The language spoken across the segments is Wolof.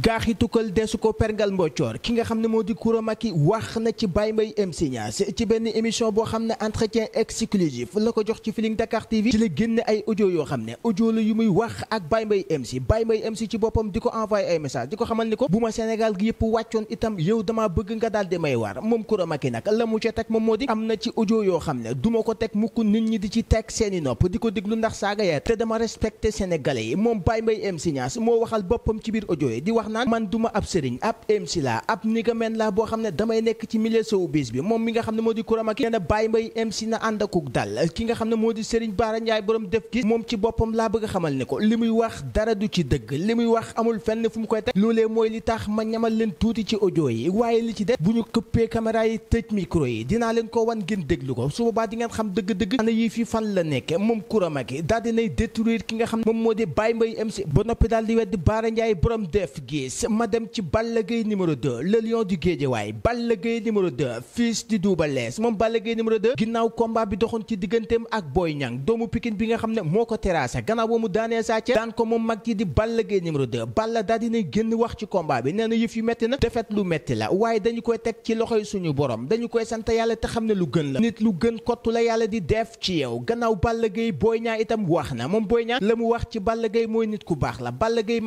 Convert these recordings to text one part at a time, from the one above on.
gaaxi tukkal desu ko perngal mboccoor ki nga xam ne moo di Coura Macky wax na ci Baye Mbaye MC Niass ci benn émission boo xam ne entretien exclusif la ko jox ci Feeling Dakar TV ci la génn ay audio yoo xam ne ojo la yu muy wax ak Baye Mbaye MC Baye Mbaye MC ci boppam di ko envoyé ay message di ko xamal ni ko bu ma Sénégal gi yëpp wàccoon itam yow dama bëgg nga daal di may waar moom Coura Macky nag la mu ca teg moom moo di am na ci ojo yoo xam ne duma ko teg mukk nit ñi di ci teg seeni nopp di ko déglu ndax saaga ya te dama respecté sénégalais yi moom Baye Mbaye MC Niass moo waxal boppam ci biir audio yi di wax naan man du ma ab sëriñ ab MC laa ab nigameen laa boo xam ne damay nekk ci milieu showbiz bi moom mi nga xam ne moo di Coura Macky nee na Baye Mbaye MC na ànd akuk dal ki nga xam ne moo di Serigne Bara Ndiaye borom def gis moom ci boppam laa bëgg xamal ne ko li muy wax dara du ci dëgg li muy wax amul fenn fu mu koy teg loolee mooy li tax ma ñamal leen tuuti ci audio yi waaye li ci des bu ñu këppee caméra yi tëj micro yi dinaa leen ko wan ngeen déglu ko su di ngeen xam dëgg-dëgg ana yii fi fan la nekke moom Coura Macky daal dinay détruire ki nga xam moom moo di Baye Mbaye MC ba noppi daal di weddi baara Ndiaye borom def gi gis ma dem ci Balla Gaye numéro 2 le lion du Guédiawaye Balla Gaye numéro 2 fils du Double Less moom Balla Gaye numéro 2 ginnaaw combat bi doxoon ci digganteem ak Boy Niang doomu Pikine bi nga xam ne moo ko terrassé gannaaw ba mu daanee saa ca daan ko moom mag ci di Balla Gaye numéro 2 Balla daal dina génn wax ci combat bi nee na yëf yu metti na defet lu metti la waaye dañu koy teg ci loxoy suñu borom dañu koy sant yàlla te xam ne lu gën la nit lu gën kottu la yàlla di def ci yow gannaaw Balla Gaye Boy Niang itam wax na moom Boy Niang la mu wax ci Balla Gaye mooy nit ku baax la Balla Gaye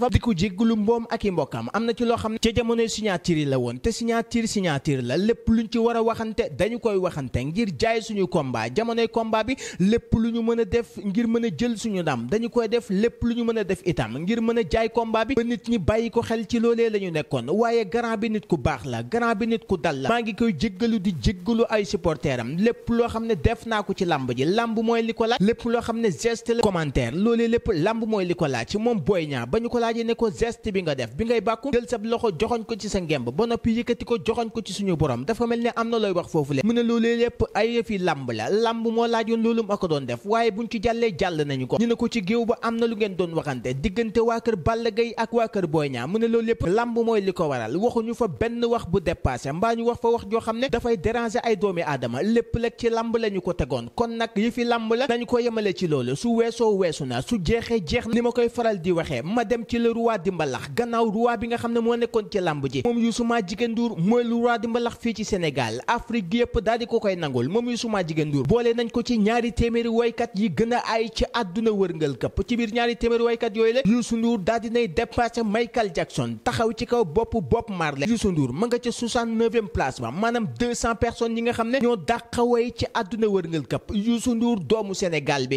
Fafa di ko jéggalu mboom ak i mbokkam am na ci loo xam ne ca jamonoy signature yi la woon te signature signature la lépp luñ ci war a waxante dañu koy waxante ngir jaay suñu combat jamonoy combat bi lépp lu ñu mën a def ngir mën a jël suñu ndam dañu koy def lépp lu ñu mën a def itam ngir mën a jaay komba bi ba nit ñi bàyyi ko xel ci loole la ñu nekkoon waaye grand bi nit ku baax la grand bi nit ku dal la maa ngi koy jéggalu di jéggalu ay supporter am lépp loo xam ne def naa ko ci làmb ji lamb mooy li ko laaj lépp loo xam ne geste la commentaire lépp lamb mooy li ko laaj ci moom booy daal di ne ko geste bi nga def ko ci ko joxoñ ko ci suñu borom dafa mel ne am na looy wax foofu le mu ne loolee doon def waaye buñ ci jàllee jàll nañu ko ñu ne ko doon waxante diggante waa kër Balla Gaye ak waa kër Boy Niang mu ne mooy li ko waral waxuñu fa benn wax bu dépassé mbaa ñu wax fa wax joo xam ne dafay déranger ay doomi aadama lépp lag ci làmb la ñu ko tegoon kon nag yi fi làmb la dañu ko yemale ci loolu su weesoo weesu na su jeexee jeex ni ma koy faral di waxee ma dem ci le roi di mbalax gannaaw roi bi nga xam ne moo nekkoon ci làmb ji moom Youssou Madjiguène Ndour mooy le roi di mbalax fii ci Sénégal Afrique yëpp daal di ko koy nangul moom Youssou Madjiguène Ndour boole nañ ko ci ñaari téeméeri waykat yi gën a aay ci àdduna wërngal këpp ci biir ñaari téeméeri waykat yooyu la Youssou Ndour daal dinay dépassé Michael Jackson taxaw ci kaw bopp Bob Marley Youssou Ndour ma nga ca 69e yi nga xam ne ñoo dàqaway ci àdduna wërngal këpp Youssou Ndour doomu Sénégal bi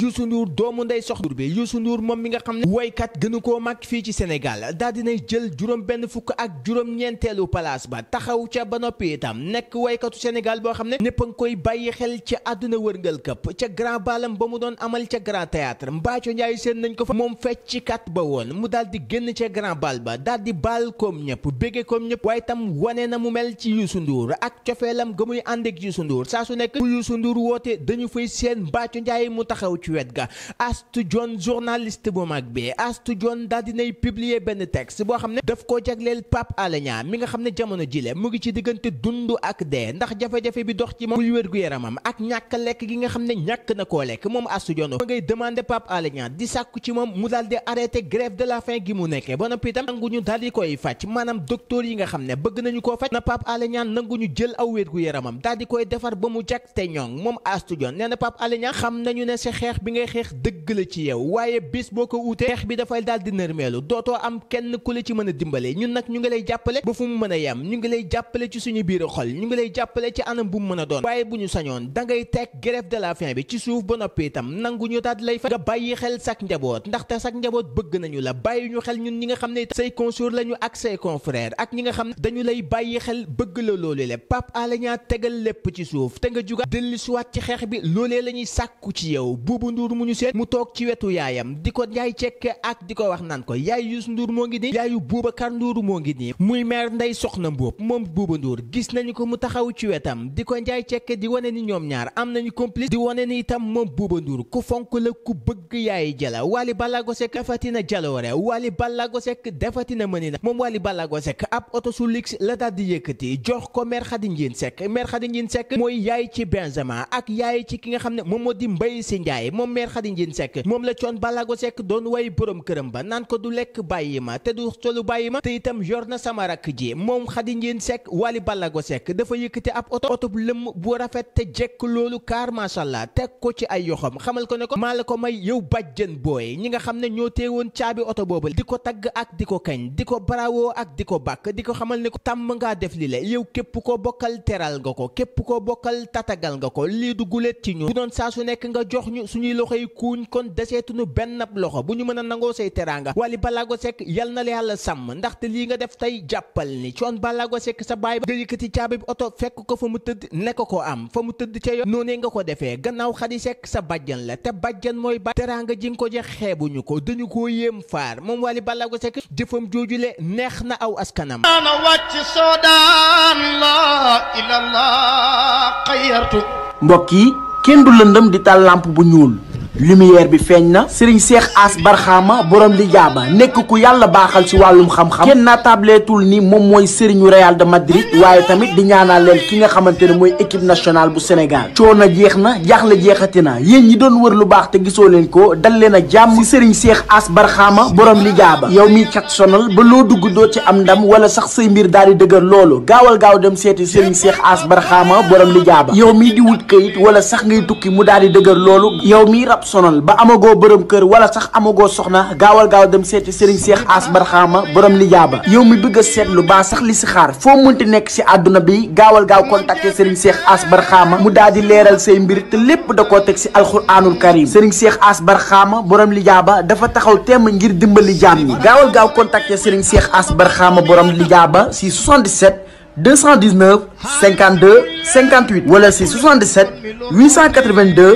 ci Sénégal daal dinay jël juróom benn fukk ak juróom ñeenteelu place ba taxaw ca ba noppi itam nekk waykatu Sénégal boo xam ne ñëpp a ngi koy bàyyi xel ci àdduna wërngal këpp ca grand balam ba mu doon amal ca grand théâtre Mbathio Ndiaye seen nañ ko fa moom fecckat ba woon mu daal di génn ca grand bal ba daal di baal koom ñëpp bége koom ñëpp waaye tam wane na mu mel ci Youssou Ndour ak cofeelam ga muy ànd ak Youssou Ndour saa su nekk bu Youssou woote dañu fay seen Mbathio Ndiaye mu taxaw ci wet ga Astou Dione publier benn texte boo xam ne daf koo jagleel Pape Alé mi nga xam ne jamono jile mu ngi ci diggante dund ak dee ndax jafe-jafe bi dox ci ma muy wér-gu-yaramam ak ñàkk lekk gi nga xam ne ñàkk na koo lekk moom Astou Dione ma ngay demande Pape Alé Niang di sàkku ci moom mu daal di arrêté grève de la faim gi mu nekkee ba noppi itam nanguñu daal di koy faj maanaam docteur yi nga xam ne bëgg nañu ko faj na Pape Alé Niang nanguñu jël aw wér-gu-yaramam daal di koy defar ba mu jag te ñoŋ moom Astou Dione nee na Pape Alé Niang xam nañu ne si xeex bi nga xeex dëgg la ci yow waaye bis boo ko uutee xeex bi dafay daal di nërmeelu dootoo am kenn ku la ci mën a dimbale ñun nag ñu ngi lay jàppale ba fu mu mën a yem ñu ngi lay jàppale ci suñu biir xol ñu ngi lay jàppale ci anam bu mu mën a doon bu ñu sañoon da ngay teg grève la faim bi ci suuf ba noppi itam nangu ñu lay fa nga bàyyi xel sak njaboot ndaxte sak njaboot bëgg nañu la bàyyi ñu xel ñun ñi nga xam ne say consœur lañu ak say confrère ak ñi nga xam ne dañu lay bàyyi xel bëgg la loolu le Pape Alé Niang tegal lépp ci suuf te nga juga dellu siwaat ci xeex bi loolee la ñuy sàkku ci yow Buubu Nduur mu ñu seen mu toog ci wetu yaayam di ko jaay cekke ak di ko wax naan yaayu Youssou Ndour moo ngi nii yaayu Boubacar Ndour moo ngi nii muy maire Ndeye Soxna Mboup moom Bouba Ndour gis nañu ko mu taxaw ci wetam di ko njaay cekke di wane ni ñoom ñaar am nañu complice di wane ni itam moom Bouba Ndour ku fonk la ku bëgg yaay jala Wally Ballago Seck defati na jaloore Wally Ballago Seck defati na moom Wally Ballago Seck ab oto su luxe la daal di yëkkati jox ko maire Khady Ndiène Seck maire Khady Ndiène Seck mooy yaay ci Benzema ak yaay ci ki nga xam ne moom moo di Mbaye Sy Ndiaye moom maire Khady Ndiène moom la coon Ballago Seck doon way rek bàyyi ma te du tolu bàyyi ma te itam yor na sama rakk ji moom Khady Ndiène Seck Wally Ballago Seck dafa yëkkati ab oto bu lëmm bu rafet te jekk loolu kaar macha allah teg ko ci ay yoxam xamal ko ne ko maa la ko may yow bàjjen booy ñi nga xam ne ñoo teewoon caabi oto boobu di ko tagg ak di ko kañ di ko barawoo ak di ko bàkk di ko xamal ne ko tàmm ngaa def li la yow képp koo bokkal teral nga ko képp koo bokkal tatagal nga ko lii du guléet ci ñu bu doon saa su nekk nga jox ñu suñuy loxoy kuuñ kon deseetuñu benn ab loxo bu ñu mën a nangoo say teraanga Balago Seck yal na la yàlla sàmm ndaxte lii nga def tey jàppal ni coon Balago Seck sa baay ba nga yëkkati caabi bi oto fekk ko fa mu tëdd nekk ko am fa mu tëdd ca noonee nga ko defee gannaaw Xadi sekk sa bàjjan la te bàjjan mooy ba teraanga ji nga ko jeex xeebuñu ko dañu koo yéem faar moom Wally Balago Seck jëfam joojule neex na aw askanam mbokk yi kenn du lëndëm di taal làmp bu ñuul lumière bi feeñ na sëriñ seex as barxaama borom li jaaba nekk ku yàlla baaxal ci wàllum xam-xam kenn naa tableetul ni moom mooy sëriñu Real de Madrid waaye tamit di ñaanal leen ki nga xamante ne mooy équipe nationale bu Sénégal coono jeex na jaaxle jeexati na yéen ñi doon wër lu baax te gisoo leen ko dal leen a jàmm ci sëriñ seex as barxaama borom li jaaba yow miy cat sonal ba loo dugg doo ci am ndam wala sax say mbir daal di dëgër loolu gaawal gaaw dem seeti sëriñ seex as barxaama borom li jaaba yow mii di wut wala sax ngay tukki mu daal di dëgër loolu yow ab ba amagoo borom kër wala sax amagoo soxna gaawal gaaw dem seeti Serigne Cheikh Ass Barxaama borom li ba yow mi bëgg a seetlu baa sax li si xaar foo mënti nekk si àdduna bi gaawal gaaw contacter Serigne Cheikh Ass Barxaama mu daal di leeral say mbir lépp koo teg si alxuraanul karim Serigne Cheikh Ass Barxaama borom li jaaba dafa taxaw temm ngir dimbali jaam ñi gaawal gaaw contacter Serigne Cheikh Ass Barxaama borom li jaaba si 77 219 52 58 wala si 77 882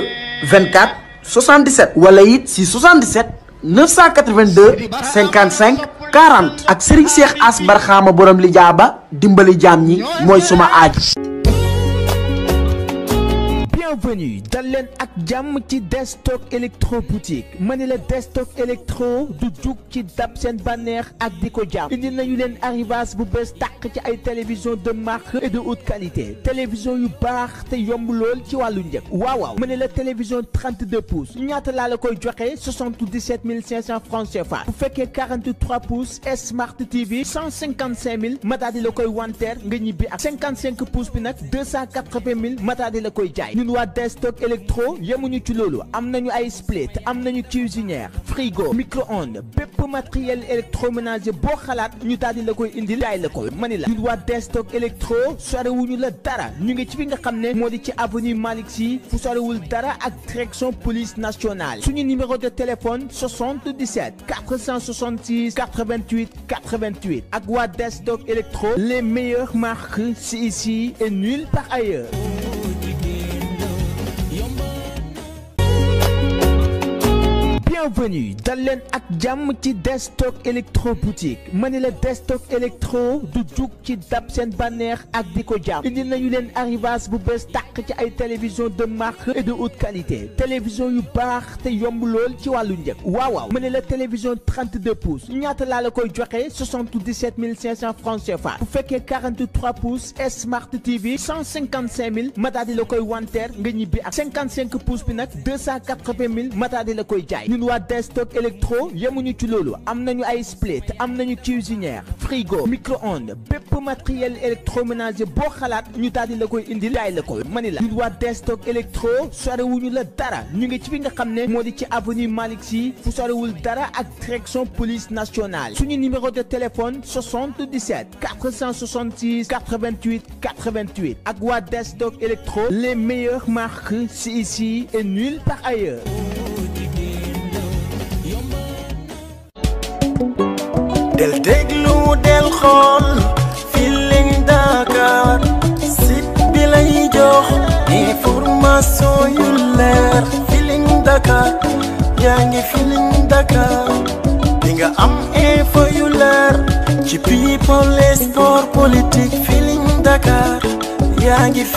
24 77 wala it si 77 982 55 40 ak Serigne Cheikh As Barxaama borom li jaaba dimbali jaam yi mooy suma aaj. bienvenue dal leen ak jàmm ci destock électro boutique ma ni la destock électro du jug ci dab seen bànneex ak di ko jàmm indi nañu leen arrivage bu bees tàq ci ay télévision de marque et de haute qualité télévision yu baax te yomb lool ci wàllu njëg waaw waaw ma ni la télévision 32 pouces ñaata laa la koy joxe 77 500 francs CFA bu fekkee 43 pouces smart TV 155 000 ma daal di la koy wanteer nga ñibbi ak 55 pouces bi nag 280 000 ma daal di la koy jaay waa Destock Electro yemuñu ci loolu am na ñu ay split am nañu cuisinière frigo micro-ondes bépp matériel électroménager boo xalaat ñu daal di la koy indil jaay la ko mani la ñun waa Destock Electro sorewuñu la dara ñu ngi ci fi nga xam ne moo di ci avenue Malick Sy fu sorewul dara ak direction police nationale suñu numéro de téléphone 77 466 88 88 ak waa Destock Electro les meilleures marques c'est ici et nulle part ailleurs bienvenue dal leen ak jàmm ci destock électro boutique ma ni la destock électro du jug ci dab seen banneex ak di ko jàmm indi nañu leen arrivage bu bees tàq ci ay télévision de marque et de haute qualité télévision yu baax te yomb lool ci wàllu njëg waaw waaw ma ni la télévision 32 pouces ñaata laa la koy joxe 77 500 francs CFA bu fekkee 43 pouces smart TV 155 000 ma daal di la koy wanteer nga ñibbi ak 55 pouces bi nag 280 000 ma daal di la koy jaay waa Destock Electro ñu ci loolu am nañu ay split am nañu cuisinière frigo micro-ondes bépp matériel électroménager boo xalaat ñu daal la koy indil jaay la ko mani la ñun waa Destock Electro sorewuñu la dara ñu ngi ci fi nga xam ne moo di ci avenue Malick Sy fu sorewul dara ak direction police nationale suñu numéro de téléphone 77 466 88 88 ak waa Destock Electro les meilleures marques c'est ici et nulle part ailleurs del déglu del xool Feeling Dakar site bi jox information yu leer Feeling Dakar yaa nga am info yu ci people et sport politique Feeling Dakar